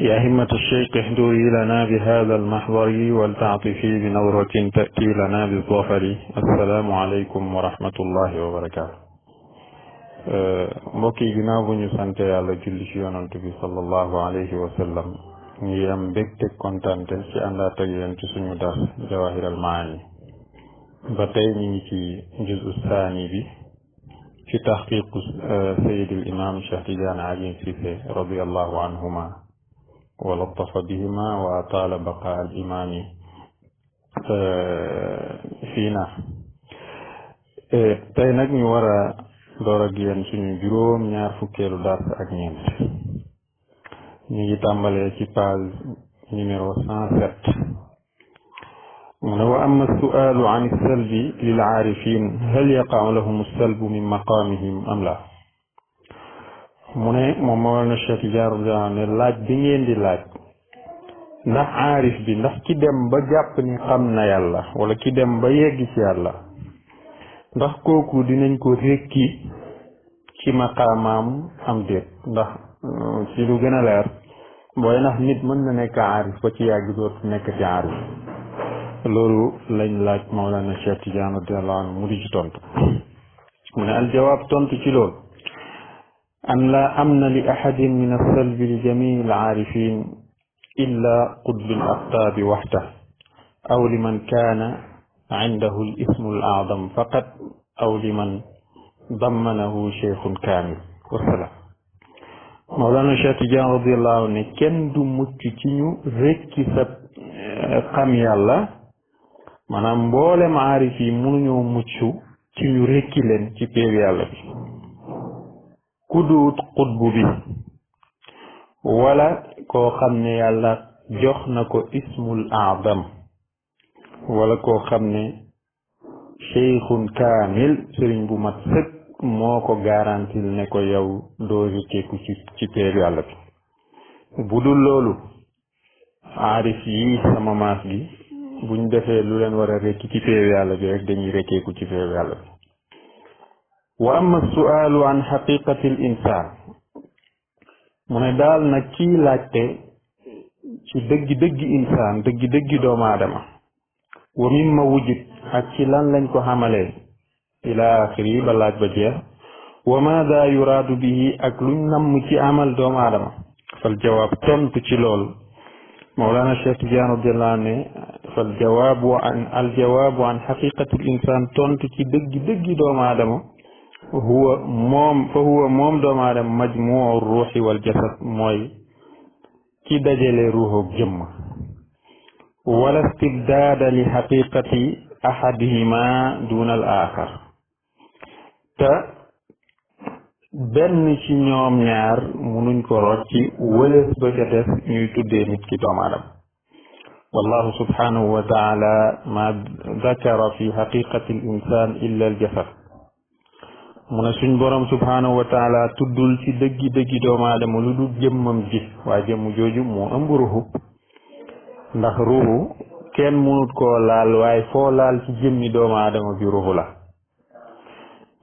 يا همة الشيخ احضري لنا بهذا المحضر ولتعطفي بنظرة تأتي لنا بالظفر السلام عليكم ورحمة الله وبركاته مكي جناب نسانت على جل شيون النبي صلى الله عليه وسلم نيام بكت كونتانت سي اندا تيان سي سونو داس جواهر المعاني باتاي نيجي جزء الثاني بي في تحقيق آه، سيد الامام شهدان علي في رضي الله عنهما ولطف بهما وأطال بقاء الإيمان آه، فينا تاي نك ني ورا دورا جيان سوني جروم ñaar fukkelu dark ak ñent ñi ngi tambalé ci page numéro 107 منو أما السؤال عن السلب للعارفين هل يقع لهم السلب من مقامهم أم لا؟ mu ne moom Mawlana Cheikh Jaarullah ne laaj bi ngeen di laaj ndax aarif bi ndax ki dem ba jàpp ni xam na yàlla wala ki dem ba yegg ci yàlla ndax kooku dinañ ko rékki ci maqaamaam am déet ndax mm, ci lu gën a leer booy ndax nit mën na nekk aarif ba ci yàgg dootu nekk ci aarif loolu lañ laaj Mawlana Cheikh Tidiane radiyallahu anhu mu di ci tontu mu ne aljawaab tontu ci loolu أن لا أمن لأحد من الثلب الجميع العارفين إلا قد الأقطاب وحده أو لمن كان عنده الإثم الأعظم فقط أو لمن ضمنه شيخ كامل والسلام مولانا شاتجا رضي الله عنه كان دو متتينو ريكي سب قام يالا مانام بولم عارفي مونيو متشو تيو ريكي لن تي بيو kuduut xutbu bi wala koo xam ne yàlla jox na ko ismul aadam wala koo xam ne cheikhun kaamil sëriñ bu mat sëkk moo ko garantil ne ko yow doo rikkeeku ci ci péer yàlla bi bu dul loolu aarif yi sama maas gi buñ defee lu leen war a rekki ci péer yàlla bi rek dañuy rekkeeku ci péer yàlla bi واما السؤال عن حقيقه الانسان من دال نا لاتي شي دغ دغ انسان دغ دغ دوما ادم ومن ما وجد اك لان لا نكو حملي الى اخر بلاج بجيه وماذا يراد به اك لو نم شي عمل دوما ادم فالجواب تنت شي لول مولانا الشيخ جيان عبد الله ني فالجواب عن الجواب عن حقيقه الانسان تنت شي دغ دغ دوما ادم هو موم فهو موم دوم ادم مجموع الروح والجسد موي كي دجال روح جم ولا استبداد لحقيقة أحدهما دون الآخر تا بن شي نيوم نيار مونن كو روتي ولس بجا ديف ني تودي نيت كي دوم ادم والله سبحانه وتعالى ما ذكر في حقيقة الإنسان إلا الجسد mu ne suñ borom subhaanahu wa taala tuddul ci dëggi dëggi doomu aadama lu dul jëmmam ji waaye jëmm jooju moo ëmb ruuxu ndax ruuxu kenn mënut koo laal waaye foo laal ci jëmmi doomu aadama bi ruuxu la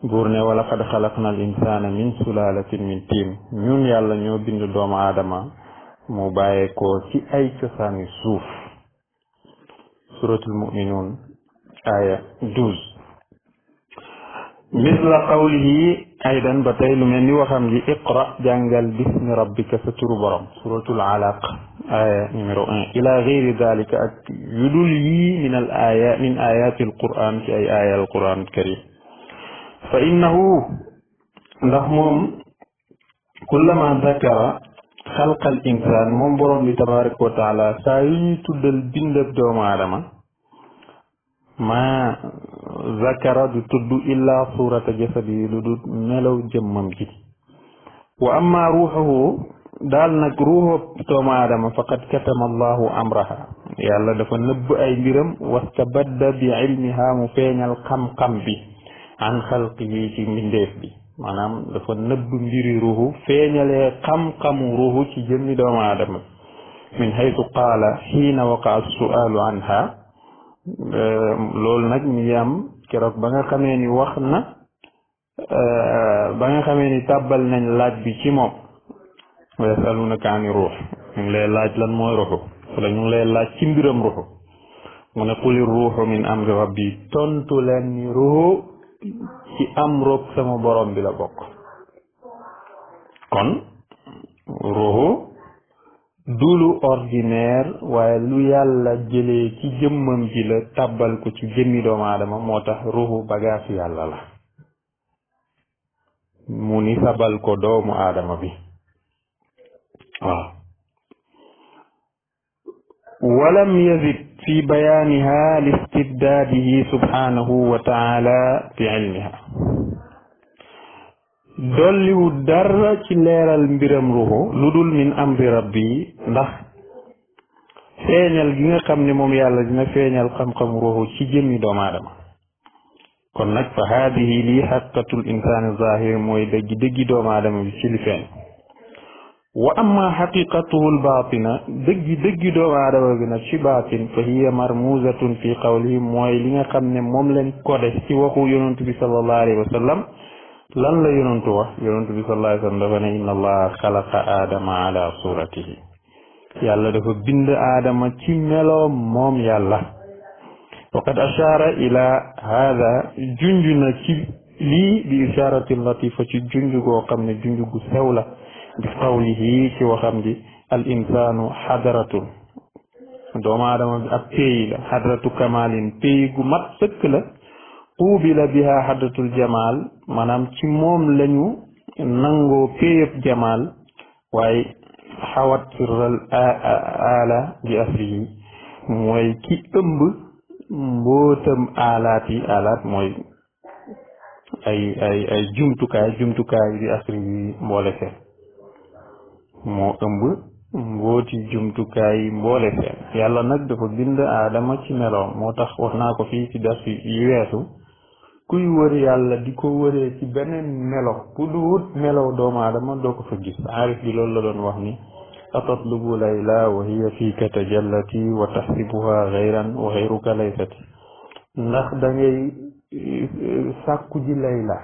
buur wala qad xalaqna insaana min sulaalatin min tiin ñun yàlla ñoo bindu doomu aadama mu bàyyee ko ci ay cosaani suuf suratul muminuun aaya مثل قوله أيضا بتيل من وخم اقرأ جنجل باسم ربك ستر برم سورة العلاق آية نمرو إلى غير ذلك يدلي من الآيات من آيات القرآن في أي آية القرآن الكريم فإنه لهم كلما ذكر خلق الإنسان من برم تبارك وتعالى سايت البند دوم عالما ما zakara du tudd illaa suurata jasadi lu du melaw jëmmam ji wa amma ruuxuhu daal nag ruuxu doomu aadama faqad katama allahu amraha yàlla dafa nëbb ay mbiram wastabadda bi ilmiha mu feeñal xam-xam bi an xalqi yi ci mbindeef bi maanaam dafa nëbb mbiri ruuxu feeñalee xam-xamu ruuxu ci jëmmi doomu aadama min haytu qaala xiina waqa su'aalu anha Euh, loolu nag mi yaam am keroog ba nga xamee ni wax na euh, ba nga xamee ni tàbbal nañ laaj bi ci moom wa na ani ruux ñu lay laaj lan mooy ruxu wala ñu ngi lay laaj ci mbiram ruxu mu ne quli ruuxu min amri rabbi tontu leen ni ruxu ci am rob sama borom bi la bokk kon ruxu du lu ordinaire waaye lu yàlla jëlee ci jëmmam ji la tàbbal ko ci jëmmi doomu aadama moo tax ruuxu bagaas yàlla la mu ni sabal ko doomu aadama bi waaw walam yazid fi bayaaniha li istibdaadihi subhaanahu wa taala fi dolliwu dara ci leeral mbiram ruuxu lu dul min amri rabbi ndax feeñal gi nga xam ne moom yàlla dina feeñal xam-xam ruuxu ci jëmmi doomu aadama kon nag fa haadihi lii xaqiqatul insaani mooy dëggi dëggi doomu aadama bi ci li feeñ wa amma xaqiqatuhu lbaatina dëggi dëggi doomu aadama bi nag ci baatin fa hiya marmuusatun fi qawlihi mooy li nga xam ne moom leen ko ci waxu yonent bi sallallahu alayhi wa lan la yonantu wax yonantu bi sallallahu alayhi dafa ne inna allaha xalaqa aadama ala suratihi yàlla dafa bind aadama ci meloom moom yàlla waqad ashaara ila haada junj ci lii bi isharatin latifa ci junj goo ne junj gu sew la bi qawlihi ci waxam ji al insaanu xadaratun doomu aadama bi ab pays la xadaratu mat sëkk tuubila biha xaddatul jamal maanaam ci moom lañu nangoo péyëb jamal waaye xawat sirral aala bi asrihi mooy ki ëmb mbootam mooy ay ay jumtukaay jumtukaay bi asri yi mboole seen moo ëmb mbooti jumtukaay mboole seen yàlla nag dafa bind aadama ci meloom moo tax wax naa ko fii ci dars yi weesu kuy wër yàlla di ko wëree ci beneen melo bu du wut doomu aadama doo ko fa gis aarif bi loolu la doon wax ni atatlubu layla wa hiya fiika tajallati wa taxsibuha xayran wa xayruka ndax da ngay sàkku ji layla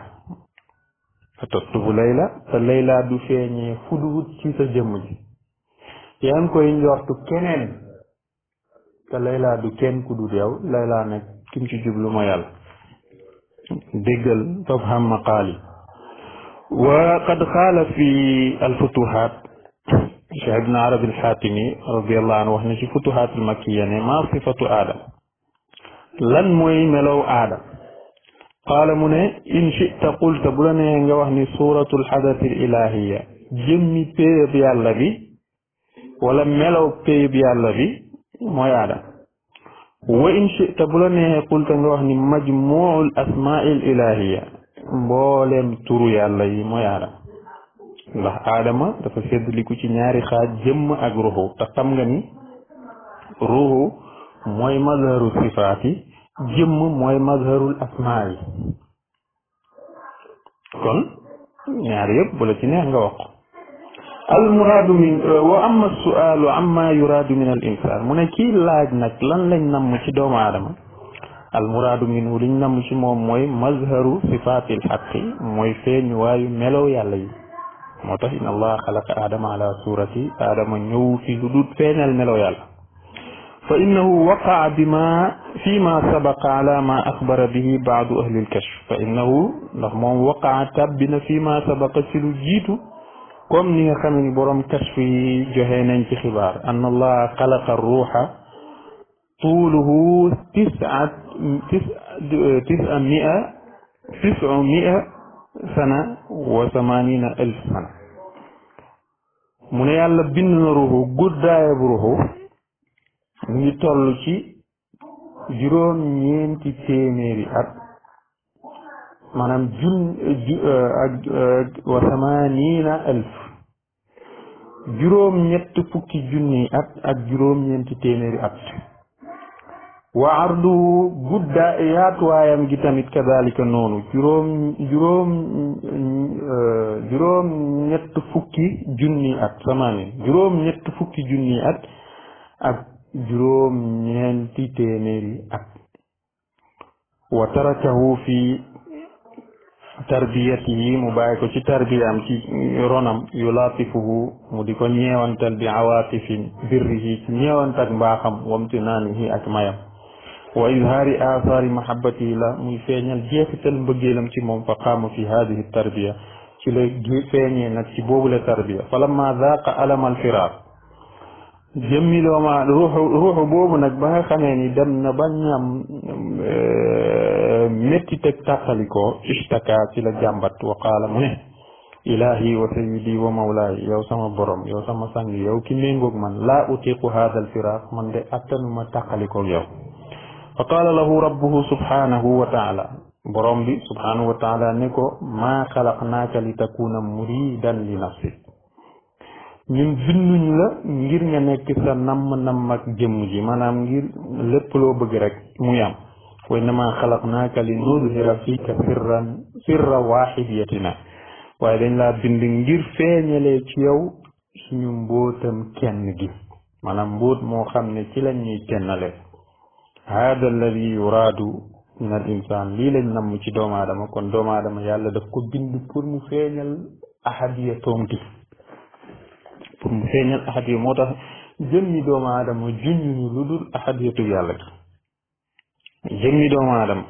atatlubu layla te layla du feeñee du wut ci sa jëmm ji yaa ngi koy njortu keneen te layla du kenn ku dul yow layla nag kim ci jublu ma déggal تفهم مقالي وقد قال في الفتوحات شيخ عرب الحاتمي رضي الله عنه وحنا في فتوحات المكية يعني ما صفة آدم لن موي ملو آدم قال من إن شئت قلت أن وحني سورة الحدث الإلهية جمي بيب يالا بي ولا ملو بيب يالا بي موي آدم وإن شئت قلت أن تنوحني مجموع الأسماء الإلهية بولم ترو يا الله ما يارا لا آدم دفع سيد لكو تنياري خاد جم أغروه تقم غني روه موي مظهر الصفات جم موي مظهر الأسماء كن نياري يب بلتنا أنغا وقو المراد من واما السؤال عما يراد من الانسان من كي لاج نك لان لا نام سي دوما ادم المراد من لي نام سي موم موي مظهر صفات الحق موي فين واي ملو يالله موتاخ ان الله خلق ادم على صوره ادم نيو في حدود فينال ملو يالله فانه وقع بما فيما سبق على ما اخبر به بعض اهل الكشف فانه لا موم وقع تبنا فيما سبق في جيتو كم نيغا خاني بوروم كشف جوهي نانتي خبار ان الله خلق الروح طوله تسعة تسعة تسعة مئة تسعة مئة سنة وثمانين ألف سنة من يالا بن روح قد دائب روح نتولو كي جرون نينتي تيميري أرض maanaam jun euh, ak euh, wa samaniina alf juróom ñett fukki junni at ak juróom ñeenti téeméeri at wa arduhu gudda yaatuwaayam gi tamit kadalika noonu juróom juróom euh, juróom ñett fukki junni at juróom ñett fukki junni at ak juróom ñeenti téeméeri at wa tarakahu fi تربيته مبايك في تربية في رونم يلاطفه مدك نيوان تل بعواطف بره نيوان تك باخم وامتنانه أكمايم وإظهار آثار محبته لا مفيني الجيخ تل بجيلم تي منفقام في هذه التربية تل جيفيني نتي بوبل تربية فلما ذاق ألم الفراق jëmmi ma ruuxu ruuxu boobu nag ba nga xamee ni dem na ba ñam métti teg tàqalikoo ishtaka ci la jàmbat wa qaala mu ne ilahi wa sayyidi wa mawlaay yow sama borom yow sama sang yow ki méngoog man laa utiqu hada alfiraq man de attanuma tàqalikoog yow fa qaala lahu rabbuhu subhanahu wa taala borom bi subhanahu wa taala ne ko maa xalaqnaaka li takuna muridan li nafsik ñun binduñ la ngir nga nekk sa namm-namm ak jëmm ji maanaam ngir lépp loo bëgg rek muy am wa innama xalaqnaaka li nudhira fiika sirran sirra waaxidiyatina waaye dañ laa bind ngir feeñalee ci yow suñu mbóotam kenn gi maanaam mbóot moo xam ne ci lañ ñuy kennale hada alladi yuraadu min al insaan lii lañ namm ci doomu aadama kon doomu aadama yàlla daf ko bind pour mu feeñal ahadiyatoom gi pour mu feeñal moo tax jëmmi doomu aadama junñuñu lu dul ahad yëtub yàlla gi jëmmi doomu aadama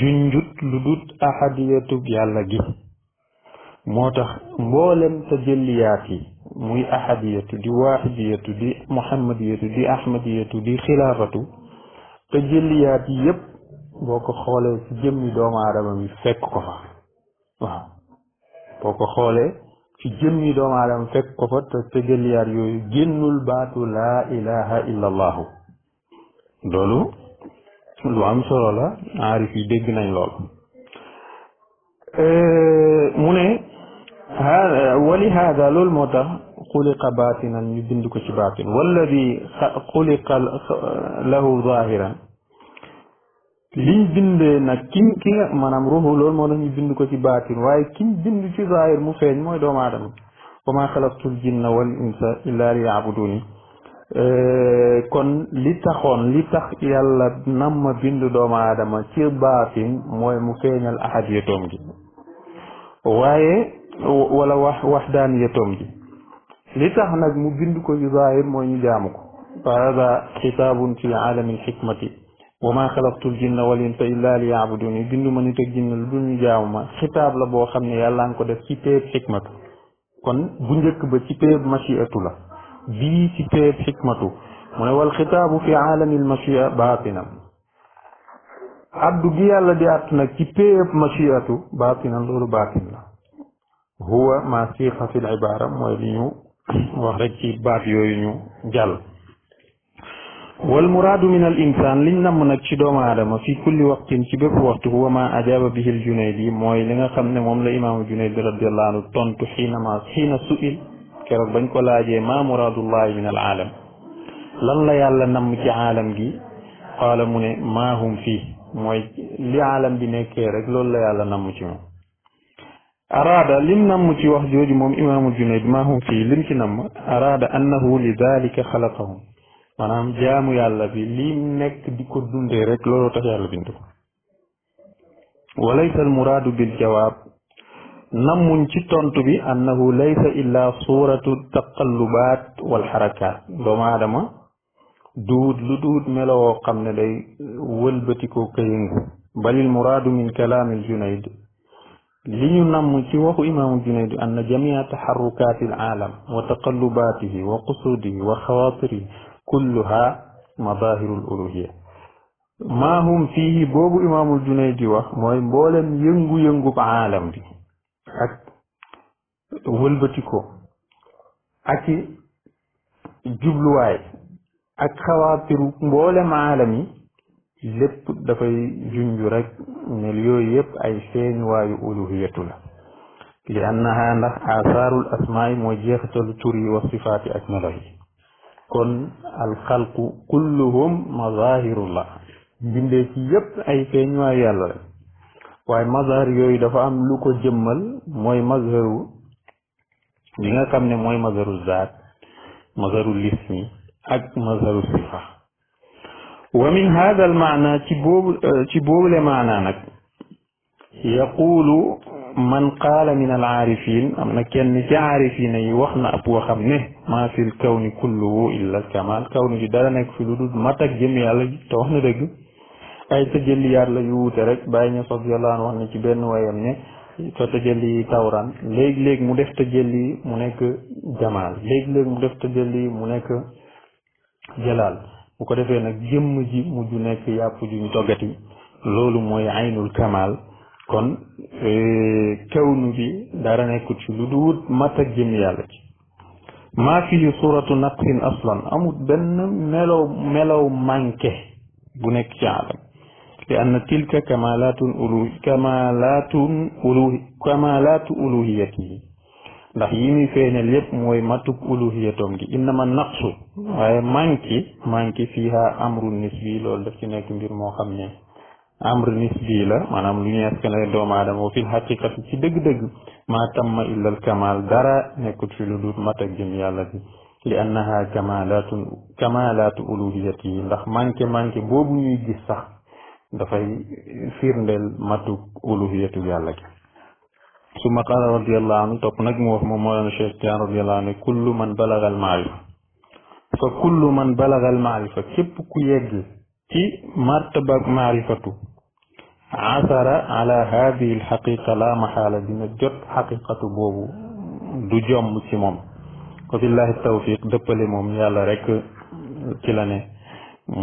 junjut lu dul ahad yëtub yàlla gi moo tax mboolem tajalliyaat yi muy ahadiyatu di waahidiyatu di muhammadiyatu di ahmadiyatu di xilaafatu tajalliyaat yi yépp boo ko xoolee ci jëmmi doomu aadama bi fekk ko fa waaw boo ko xoolee ci jëmmi doomu aadama fekk ko fa te tëgaliyaar yooyu génnul baatu laa ilaha illa allahu loolu lu am solo la aarif yi dégg nañ lool euh, mu ne haa wali haada loolu moo tax xuliqa baatinan ñu bind ko ci baatin walladi xuliqa lahu zaahiran liñ bind nag kim ki nga maanaam ruuxu loolu moo tax ñu bind ko ci baatin waaye kim bind ci zahir mu feeñ mooy doomu aadama wa ma xalaqtul jinna wal insa illa liyabuduni kon li taxoon li tax yàlla nam ma bind doomu aadama ci baatin mooy mu feeñal ahad yatoom gi waaye wala wax waxdaan yatoom gi li tax nag mu bind ko ci zahir mooy ñu jaamu ko fa hada xitaabun fi aalami alxikmati wa maa xalaqtul jinna wal insa illa li yaabuduni bindu ma nit ak jinna lu dul ñu xitaab la boo xam ne yàlla nga ko def ci péeb xikmatu kon bu njëkk ba ci péeb machiatu la bii ci péeb xikmatu mu ne wal xitaabu fi aalami al baatinam addu gi yàlla di àtt nag ci péeb machiatu baatinan loolu baatin la huwa ma siixa fi l mooy li ñu wax rek ci baat yooyu ñu jàll والمراد من الإنسان لنم نجد ما ادم في كل وقت كبير وقت هو ما أجاب به الجنيدي موي لنا خمنا مملا إمام الجنيدي رضي الله عنه طنت حينما حين سئل كرب بنك ما مراد الله من العالم لن لا يالا نم جي عالم جي قال من ما هم فيه موي لي عالم بي نيك رك لول لا يالا نم جي أراد لم نم جي وخ جوج موم إمام الجنيد ما هم فيه لم نم أراد أنه لذلك خلقهم manam jaamu yàlla bi li nek diko dundé rek lolo tax yàlla bind ko walaysa bil jawab namun ci tontu bi annahu laysa illa suratu taqallubat wal harakat do ma adama dud melowoo melo xamne day wëlbatikoo ka yëngu bal ilmuraadu min kalaami aljunayd li ñu nam ci waxu imaamu junayd an jamia taxarukaati alaalam wa taqallubatihi wa qusudihi wa khawatirihi كلها مظاهر الألوهية ما هم فيه بوبو إمام الجنيد وخ موي مبولم ينغو ينغو بعالم دي أك ولبتكو أك جبلواي أك خواتر مبولم عالمي لب دفعي جنجرك نليو يب أي سين واي ألوهيتنا لأنها آثار الأسماء موجهة التوري والصفات أكملهي kon alxalqu kulluhum mazahirullah bindee ci yépp ay feeñuwaay yàlla la waaye mazahir yooyu dafa am lu ko jëmmal mooy mazaru li nga xam ne mooy mazaru zaat mazaru lismi ak mazaru sifa wa min hada al maana ci boobu ci boobule maana nag yaqulu man qaala min al aarifin am na kenn ci aarifina yi wax na ab waxam ne maa fil kawni kulluhu illa al kamal kawni bi dara nekk fi lu dul mat ak jëm yàlla te wax na dëgg ay tëjëliyaat la yu wuute rek bàyyi ñu sof yolaan wax na ci benn wayam ne fa tëjëli tawran léeg-léeg mu def tëjëli mu nekk jamaal léeg-léeg mu def tëjëli mu nekk jalaal bu ko defee nag jëmm ji mujj nekk yàpp ju ñu toggati loolu mooy aynul kamal kon kawnu bi dara nekkut ci lu duwut mat ak jëm yàlla ci maa fi suratu naqsin aslan amut benn melow melow manke bu nekk ci alam li anna tilka kamalatun ulu kamalatun ulu kamalatu uluhiyati ndax yi muy feeñal yépp mooy matub uluhiyatom gi innama naqsu waaye manki manki fiha amru nisbi loolu daf ci nekk mbir moo xam ne amr nisbi la maanaam lu ñu askanale doomu aadama wa fil xaqiqati ci dëgg tamma illa al dara nekkut fi lu dul mat ak jëm yàlla bi li annaha kamalaatu kamalaatu uluhiyati yi ndax manqué manqué boobu ñuy gis sax dafay firndeel matuk uluhiyatu yàlla gi summa qaala radiallahu anhu topp nag mu wax moom moolana cheikh tian radiallahu anhu man balaga al maarifa ku yegg ci martabak maarifatu asara ala hadihi alxaqiqa la maxaala dina jot xaqiqatu boobu du jomb ci moom wa billahi tawfiq dëppale moom yàlla rek ci lane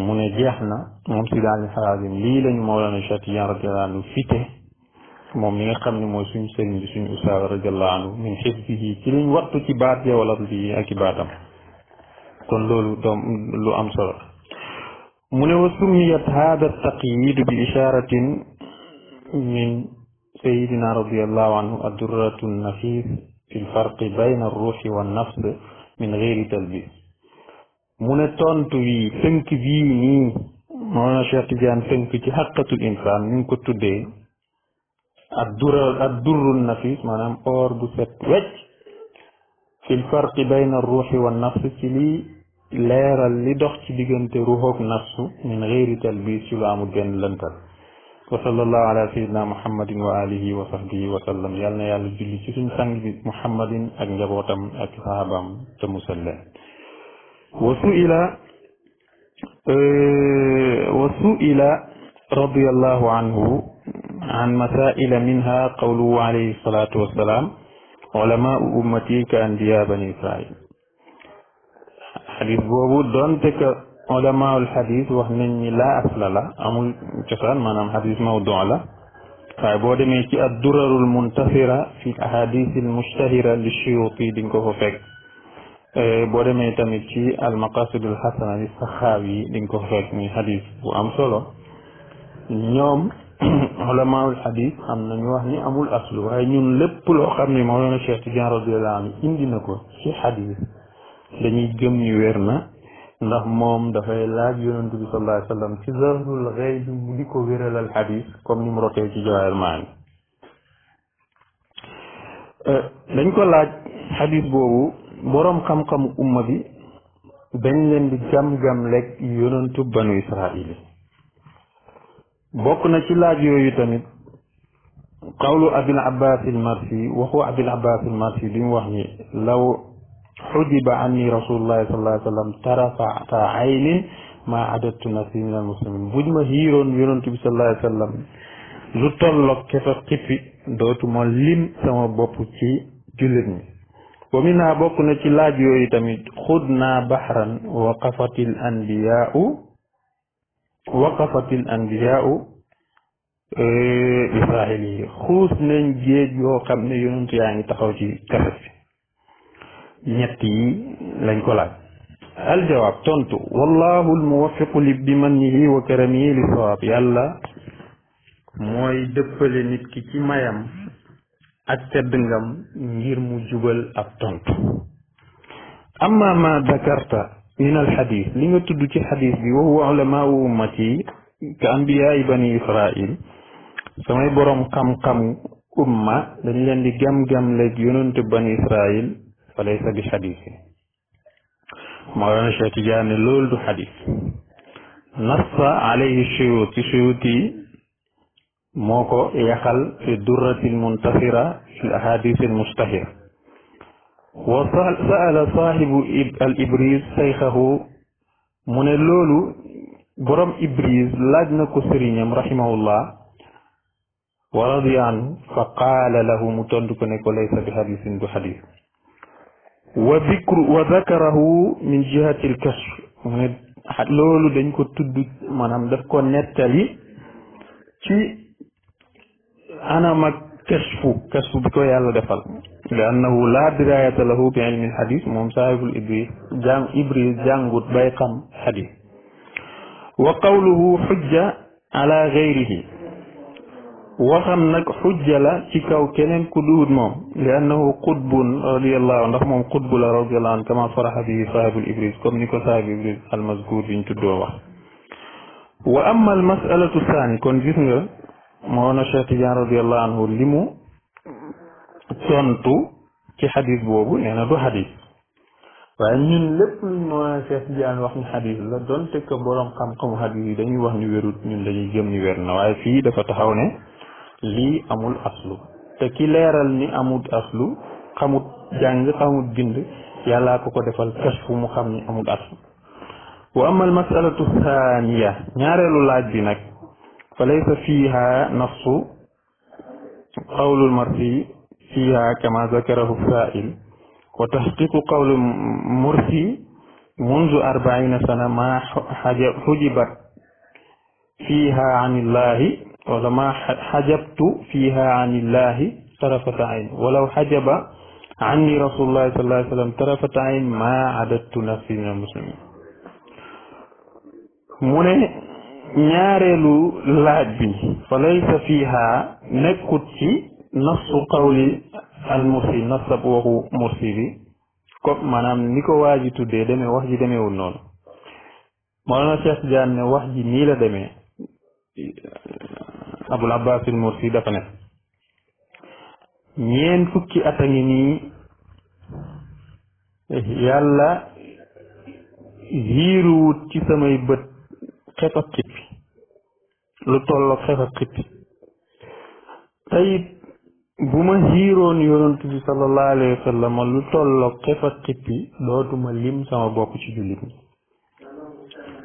mu ne jeex na moom si daal xaasim lii lañu Mawlana Chatiyan radiyallahu anhu fite moom mi nga xam ne mooy suñu sëriñ bi suñu ustaas radiyallahu anhu min xisbihi ci liñ wattu ci baat ya wala bi ak i baatam kon loolu doom lu am solo من وسميت هذا التقييد بإشارة من سيدنا رضي الله عنه الدرة النفيس في الفرق بين الروح والنفس من غير تلبيس من تونت في فنك بيني ما نشأت بيان فنك حقة الإنسان من كنت دي الدر النفيس ما نام أور بسات في الفرق بين الروح والنفس في leral li dox ci diggante ruuxoog nafsu min xeeri talbiis ci lu amul benn lëntal wa sallallahu ala sayyidina muhammadin wa alihi wa sahbihi wa sallam yalna yàlla julli ci suñ sang bi muhammadin ak njabotam ak sahabam te musal leen wa suila wa suila radiyallahu anhu an masaila minha qawluhu alayhi salatu wassalam ulamau ummati ka anbiya bani israil xadis boobu donte que ulama ul xadis wax nañ ni laa asla la amul cosaan maanaam xadis mawdu la waaye boo demee ci ad durarul muntasira fi ahadis al mushtahira li suyuti di nga ko fa fekk boo demee tamit ci al maqasid al xasana li saxaawi di nga ko fa fekk muy xadis bu am solo ñoom ulamaul xadis am nañu wax ni amul aslu waaye ñun lépp loo xam ni Mawlana Cheikh Tidiane radiyallahu anhu indi na ko ci xadis dañuy gëm ni wér na ndax moom dafay laaj yonent bi sallallahu alayhi wasallam ci zarul xëy bu di ko wéralal xadis comme ni mu rotee ci jawaayal maani euh, dañ ko laaj xadis boobu boroom xam-xamu umma bi dañ leen di gam-gam lekk yonentu banu israil bokk na ci laaj yooyu tamit qawlu abil abbas al marsi waxu abil abbas al marsi bi mu wax ni law xujiba anni rasulullahi sallallahu alayhi wa sallam tarafata aynin maa adattu nafsi min al muslimin buñ ma hiiroon yonent bi sallallahu alayhi wa sallam lu tolloog kefa xippi dootuma lim sama bopp ci jullit ñi wa minha bokk na ci laaj yooyu tamit xud naa baxran waqafatil anbiyaau waqafatil anbiyaau israil yi xuus nañ géej yoo xam ne yonent yaa ngi taxaw ci tefes ñett yi lañ ko laaj aljawaab tontu wallahu almuwaffiqu li bi mannihi wa karamihi li sawaab yàlla mooy dëppale nit ki ci mayam ak tedd ngam ngir mu jubal ab tontu amma ma dakarta min alxadis li nga tudd ci xadis bi wa huwa ulamaau ummati ka ambiyaay bani israil samay boroom xam-xam umma dañ leen di gam-gam leeg yonante bani israil فليس بحديث مولانا شيخ جاني لول دو حديث نص عليه الشيوطي شيوطي موكو يخل في الدرة المنتصرة في الأحاديث المشتهرة وسأل صاحب الإبريز شيخه من اللول برم إبريز لجنة كسرين رحمه الله ورضي عنه فقال له متندك ليس بحديث بحديث wa dikru wa dakarahu min jihati l kashf mu ne loolu dañ ko tudd maanaam daf ko nettali ci anam ak kashfu kashfu bi ko yàlla defal li annahu la dirayata lahu bi ilmi l hadis moom saahibul ibris jàng ibris jàngut bay xam hadis wa qawluhu xujja ala gayrihi waxam nag xujja la ci kaw keneen ku duut moom li annahu qutbun radiallahu ndax moom qutbu la radiallahu an kama saraxa bihi saahibul ibris comme ni ko saahibul ibris al mazkur biñ tuddoo wax wa amma al masalatu saani kon gis nga moona Cheikh Tidiane radiallahu anhu li mu tontu ci xadis boobu nee na du xadis waaye ñun lépp luñ moona Cheikh Tidiane wax ni xadis la donte que boroom xam-xamu xadis yi dañuy wax ni wérut ñun dañuy gëm ni wér na waaye fii dafa taxaw ne lii amul aslu te ki leeral ni amul aslu xamut jàng xamut bind yàllaa ko ko defal kashfu mu xam ni amul aslu wa ama al thaniya ñaareelu laaj bi nag fa laysa fiiha nafsu qawlul marsi fiiha kama zakarahu sail wa taxqiqu qawlu mursi mundu arbaina sana ma xujibat fiiha an illahi wala ma xajabtu fiha an illahi tarafata ayn walaw xajaba anni rasulullahi sallallahu alayhi wa sallam tarafata ayn ma adattu nafsi min almuslimin mu ne ñaareelu laaj bi fa laysa fiha nekkut ci nafsu qawli al mursi nasab waxu mursi bi ko maanaam ni ko waa ji tuddee demee wax ji demeewul noonu moo na Cheikh Diagne ne wax ji nii la demee abul abbasil mursi dafa ne ñeen fukki at a ngi nii yàlla jiiruwut ci samay bët xef ak xippi lu tolloog xef ak xippi tayit bu ma jiiroon yonent bi sallallahu alayhi wa sallam lu tolloog xef ak xippi dootuma lim sama bopp ci jullit ñi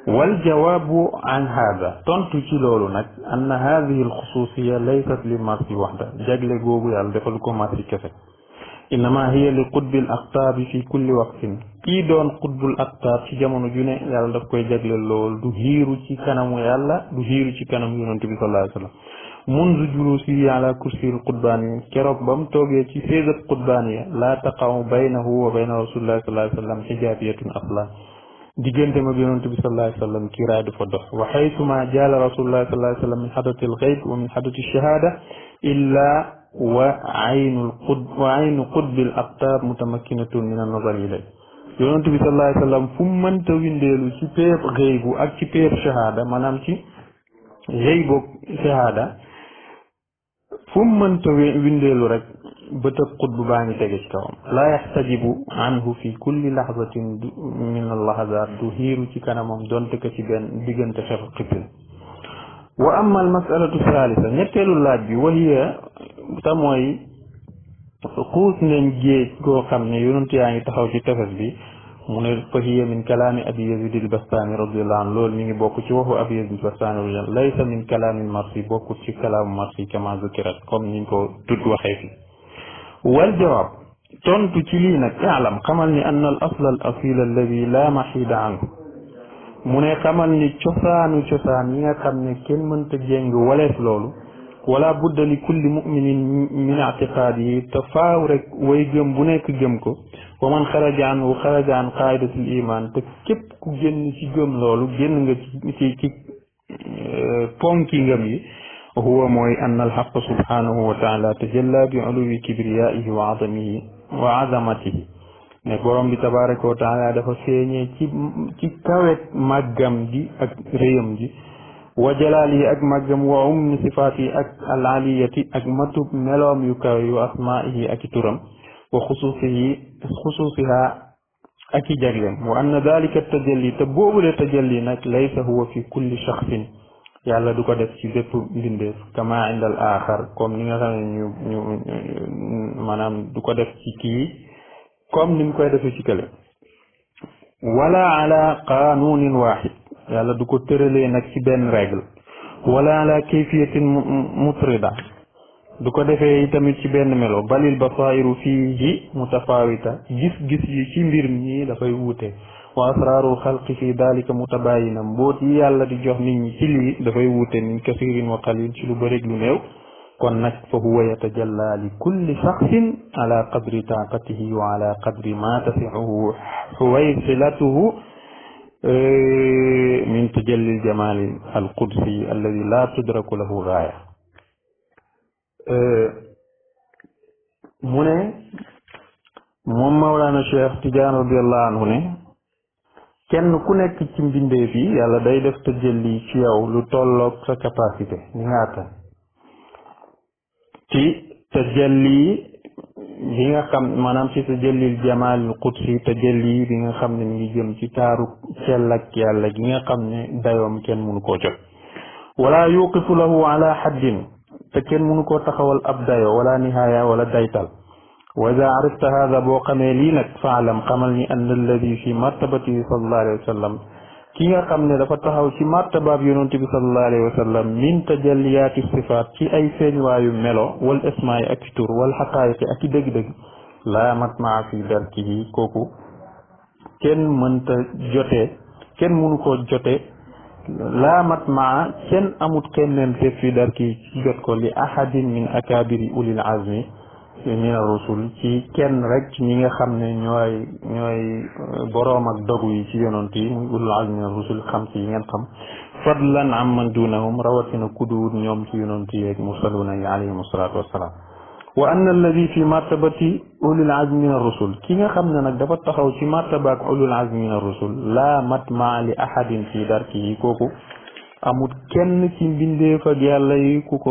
والجواب عن هذا تنتو تي لولو نك ان هذه الخصوصيه ليست لماركي وحده دجل غوغو يال ديفل كو ماركي كفك انما هي لقطب الاقطاب في كل وقت كي دون قطب الاقطاب في جامونو جوني يال داك كوي دجل لول دو هيرو تي كانام يالا دو هيرو تي كانام يونتي صلى الله عليه وسلم منذ جلوسه على كرسي القطبان كرب بام توغي تي سيد القطبان لا تقع بينه وبين رسول الله صلى الله عليه وسلم حجابيه اصلا diggante ma yonent bi sallallahu alayhi wa sallam kiiraay du fa dox wa xaytuma jaala rasulullah sallallahu alayhi wa sallam min xadati alxayb wa min xadati alshahada illa wa aynul qud wa aynu qudbi al aqtaar mutamakkinatun min annazar ilay yonent bi sallallahu alayhi wa sallam fu mu mënta windeelu ci péeb xëybu ak ci péeb shahada maanaam ci xëyboog shahada fu mu mënta windeelu rek بتب قطب باني تجد لا يحتجب عنه في كل لحظة من اللحظات دهيرو تكنا مم دون بجن تشف قبل وأما المسألة الثالثة نتلو اللاجي وهي تموي سقوط ننجيت جو خم نيون تياني تحوش تفزي من فهي من كلام أبي يزيد البستاني رضي الله عنه لول ميني بوكو شو هو أبي يزيد البستاني رضي ليس من كلام المرسي بوكو تي كلام المرسي كما ذكرت كم نينكو تدوى خيفي wal tontu ci lii nag alam xamal ni ann al asla al asil la maxiida anhu mu ne xamal ni cosaanu cosaan yi nga xam ne kenn mënta jéng waleef loolu wala budda li kulli muminin min atiqaad yi te faw rek way gëm bu nekk gëm ko wa man xaraja anhu xaraja an te képp ku génn ci gëm loolu génn nga ci ci euh, ponki yi هو موي أن الحق سبحانه وتعالى تجلى بعلو كبريائه وعظمه وعظمته نبرم بتبارك وتعالى دفع سيني كي كاوت مجم دي أك دي وجلاله أك مجم وعم صفاته أك العالية أك متب ملوم يكاوي وأسمائه وخصوصه خصوصها أك وأن ذلك التجلي تبوغل التجلي ليس هو في كل شخص yàlla du ko def ci bépp mbindeef kama indal maanaam du ko def ci kii comme ni mu koy defee ci kële wala ala qanunin waxid du ko tëralee nag ci benn règle wala ala kayfiyatin mutrida du ko defee itamit ci benn melo balil basairu fiihi mutafawita gis-gis yi ci mbir mi dafay wuute واسرار الخلق في ذلك متباينا بوت يالا دي جوخ نيت ني سي لي دا فاي ووتي ني كثير وقليل سي لو بريك لو نيو كون نك فهو يتجلى لكل شخص على قدر طاقته وعلى قدر ما تسعه حويصلته من تجلي الجمال القدسي الذي لا تدرك له غايه مونه موم مولانا شيخ تيجان رضي الله عنه kenn ku nekk ci mbindeef yi yàlla day def tëjëli ci yow lu tolloog sa capacité ni nga attan ci tëjëli li nga xam maanaam ci sa tëjëlil jamaal xut si qudsi tëjëli bi nga xam ne mi ngi jëm ci taaru sell ak yàlla gi nga xam ne dayoom kenn mënu koo jot wala yuqifu lahu ala xaddin te kenn mënu koo taxawal ab dayo wala nihaaya wala daytal wa ida arifta hada boo xamee lii nag faalam xamal ni ann alladi fi martabatihi sallallahu alayhi wa sallam ki nga xam ne dafa taxaw ci martabaab yonent bi sallallahu alayhi wa sallam min tajalliyaati sifaat ci ay feeñwaayu melo wal ismaa yi ak i tur wal xaqaayiqi ak i dëgg-dëgg laa matmaa fi darkihi kooku kenn mënta jotee kenn mënu koo jotee laa matmaa kenn amut kenn neen fépp fi darki jot ko li ahadin min akaabiri ulil azmi من الرسل في كان رك نيغا خامن نيواي نيواي بوروم اك دوغ وي سي يونتي يقول العز من الرسل خمس نيغا خام فضلا عمن دونهم رواتنا كدور نيوم سي يونتي يك مرسلون عليه الصلاه والسلام وان الذي في مرتبه اولي العز من الرسل كيغا خامن نك دا فا تخاو سي مرتبه اولي العز من الرسل لا مات لاحد في دركي كوكو amut kenn ci mbindeefak yàlla yi ku ko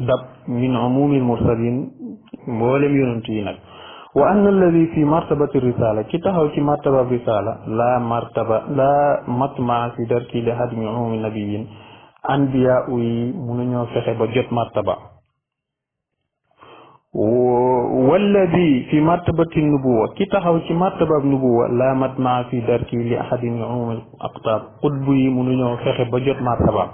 دب من عموم المرسلين مولم يونتينا وأن الذي في مرتبة الرسالة كتهو في مرتبة الرسالة لا مرتبة لا مطمع في درك لحد من عموم النبيين أنبياء وي مننو فخي بجت مرتبة والذي في مرتبة النبوة كتهو في مرتبة النبوة لا مطمع في درك لأحد من عموم الأقطاب قدبي مننو فخي بجت مرتبة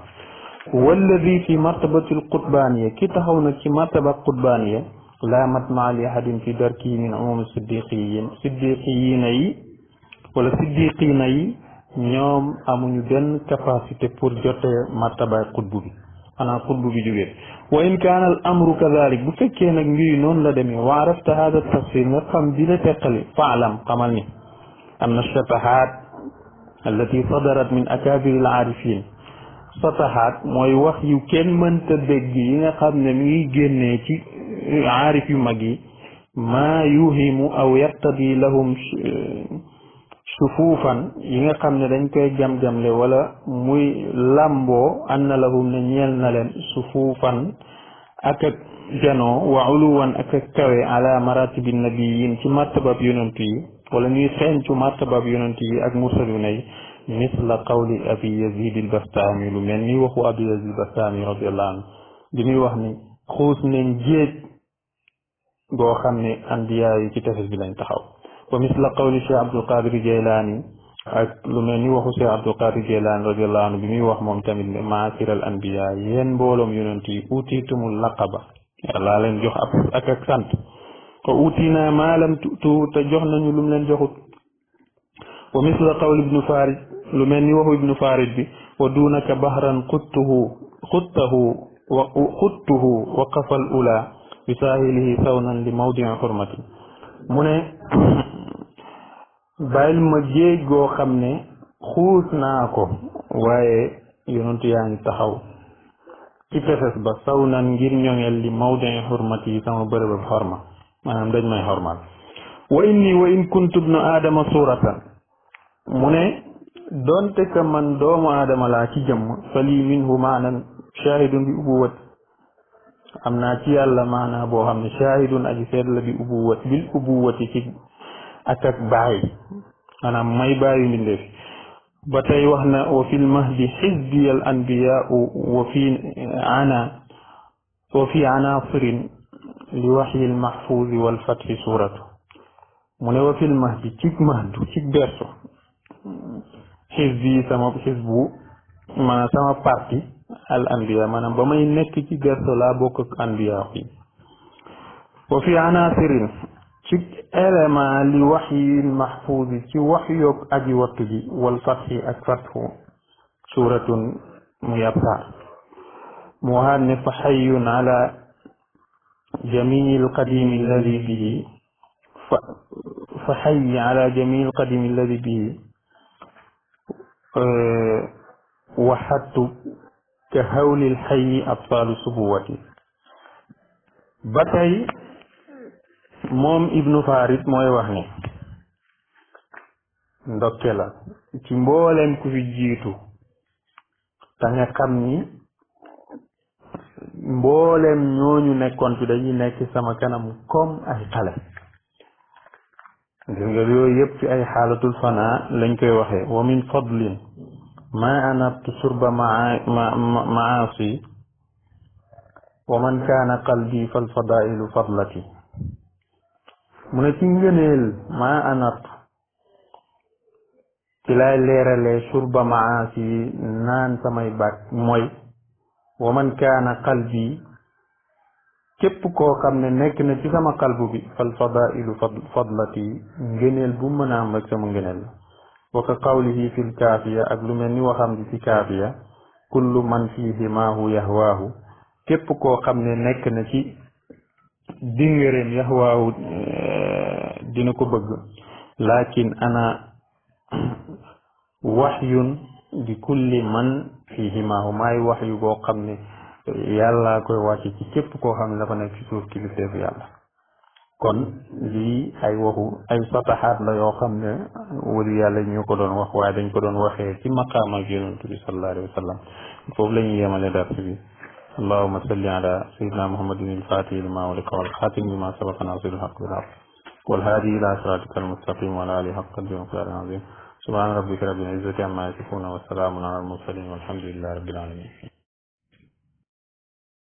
والذي في مرتبة القطبانية كي تهون في مرتبة القطبانية لا مطمع لأحد في دركه من عموم الصديقيين صديقين أي ولا صديقين أي نيوم أمون يدن كفاسيتي بور جوتة مرتبة القطبوبي أنا القطبوبي جوغير وإن كان الأمر كذلك بفك كينك نون لدمي وعرفت هذا التفصيل نفهم بلا تقلي فاعلم قمني أن الشفحات التي صدرت من أكابر العارفين satahaat mooy wax yu kenn mënta dégg yi nga xam ne mi ngi génnee ci euh, aarif yu mag yi ma yuhimu aw yattadi lahum euh, sufuufan yi nga xam ne dañ koy jam-jamle wala muy làmboo anna lahum ne ñeel na leen sufuufan ak ak janoo wa uluwan ak ak kawe ala maratibi nabiyin ci martabab yonent yi wala ñuy xeeñcu martabab yonent yi ak mursaluna yi مثل قول أبي يزيد البستاني لمني وهو أبي يزيد البستاني رضي الله عنه دمي وحني خوص من جيد بو خمني أنبياء كتفز بلين تخاو ومثل قول شي عبد القادر جيلاني لمني وهو شيء عبد القادر جيلاني رضي الله عنه دمي وح ممتمد معاكر الأنبياء ين بولم يننتي أوتيتم اللقبة الله لن جوح أكاكسانت فأوتينا ما لم تؤتوا تجوحنا نلوم لن جوحوا ومثل قول ابن فارس lu mel ni waxu ibnu farid bi wa duunaka bahran xuttuhu xuttahu wa xuttuhu waqafal ula bi saahilihi sawnan li mawdii xurmati mu ne bàyyil ma géej xam ne xuus naa ko waaye yonentu yaa ngi taxaw ci pefes ba sawnan ngir ñoŋel li mawdii xurmati yi sama bërëbab xorma maanaam dañ may xormaal wa inni wa in kuntu ibnu aadama suuratan mu ne donte que man doomu aadama laa ci jëmm fa lii minhu maanan shahidun bi ubuwat am naa ci yàlla maanaa boo xam ne shahidun aji seet la bi ubuwat bil ubuwati ci ak ak baay maanaam may baayu mbindeef ba tey wax na wa fil mahdi xizbiya al anbiyaau wa fi ana wa fi anaasirin li waxyi al mahfuuzi wal fatxi suuratu mu ne wa fil mahdi cig mahdu cig berso xis bi sama xis bu maanaam sama parti al anbiya maanaam ba may nekk ci gerso laa bokk ak anbiya yi wa fi anasirin ci élément li waxyin mahfuusi ci wax yoog aji wattu ji wal fatxi ak fatxu suuratun mu yàb saar mu waxaat ne fa xayun ala jamil qadimi alladi bihi fa xayi ala jamil qadimi alladi bihi eh, wahattu ka hawlil hayyi abtaalu subuwati ba tey moom ibnu farid mooy wax ne ndokke la ci mbooleem ku fi jiitu te nga xam ni mbooleem ñooñu nekkoon fi dañuy nekk sama kanam comme ay xale gis nga yooyu yëpp ci ay xaalatul fanaa lañ koy waxee wa min fadlin ma anabtu surba maasi wa man kaana qalbi fal fadailu fadlati mu ne ci ngëneel ma anabtu ci laay leeralee surba maasi naan samay baat mooy wa man kaana qalbi képp koo xam ne nekk na ci sama xalbu bi fal fadailu fadlati ngëneel bu mën a am rek sama ngëneel la wa ka qawlihi fil kaafiya ak lu mel ni waxam ji ci kaafiya kullu man fihi maahu yahwaahu képp koo xam ne nekk na ci dingëreem yahwaahu eh, dina ko bëgg lakin ana waxyun di kulli man fihi maahu maay waxyu boo xam ne yàllaa koy wàcce ci képp koo xam ne dafa nekk ci suuf kilifteefu yàlla kon lii ay waxu ay sotaxaat la yoo xam ne wali yàlla ñu ko doon wax waaye dañ ko doon waxee ci maqaam ak yonent bi sallallahu alayhi wa sallam foofu la ñuy yemale dars bi allahuma salli ala sayidina muhammadin alfatihi lima ulika walxatim lima sabaqa nasir alhaq bilhaq والهادي إلى صراطك المستقيم وعلى آله حق قدر ومقدار عظيم سبحان ربك رب العزة عما يصفون وسلام على المرسلين والحمد لله رب العالمين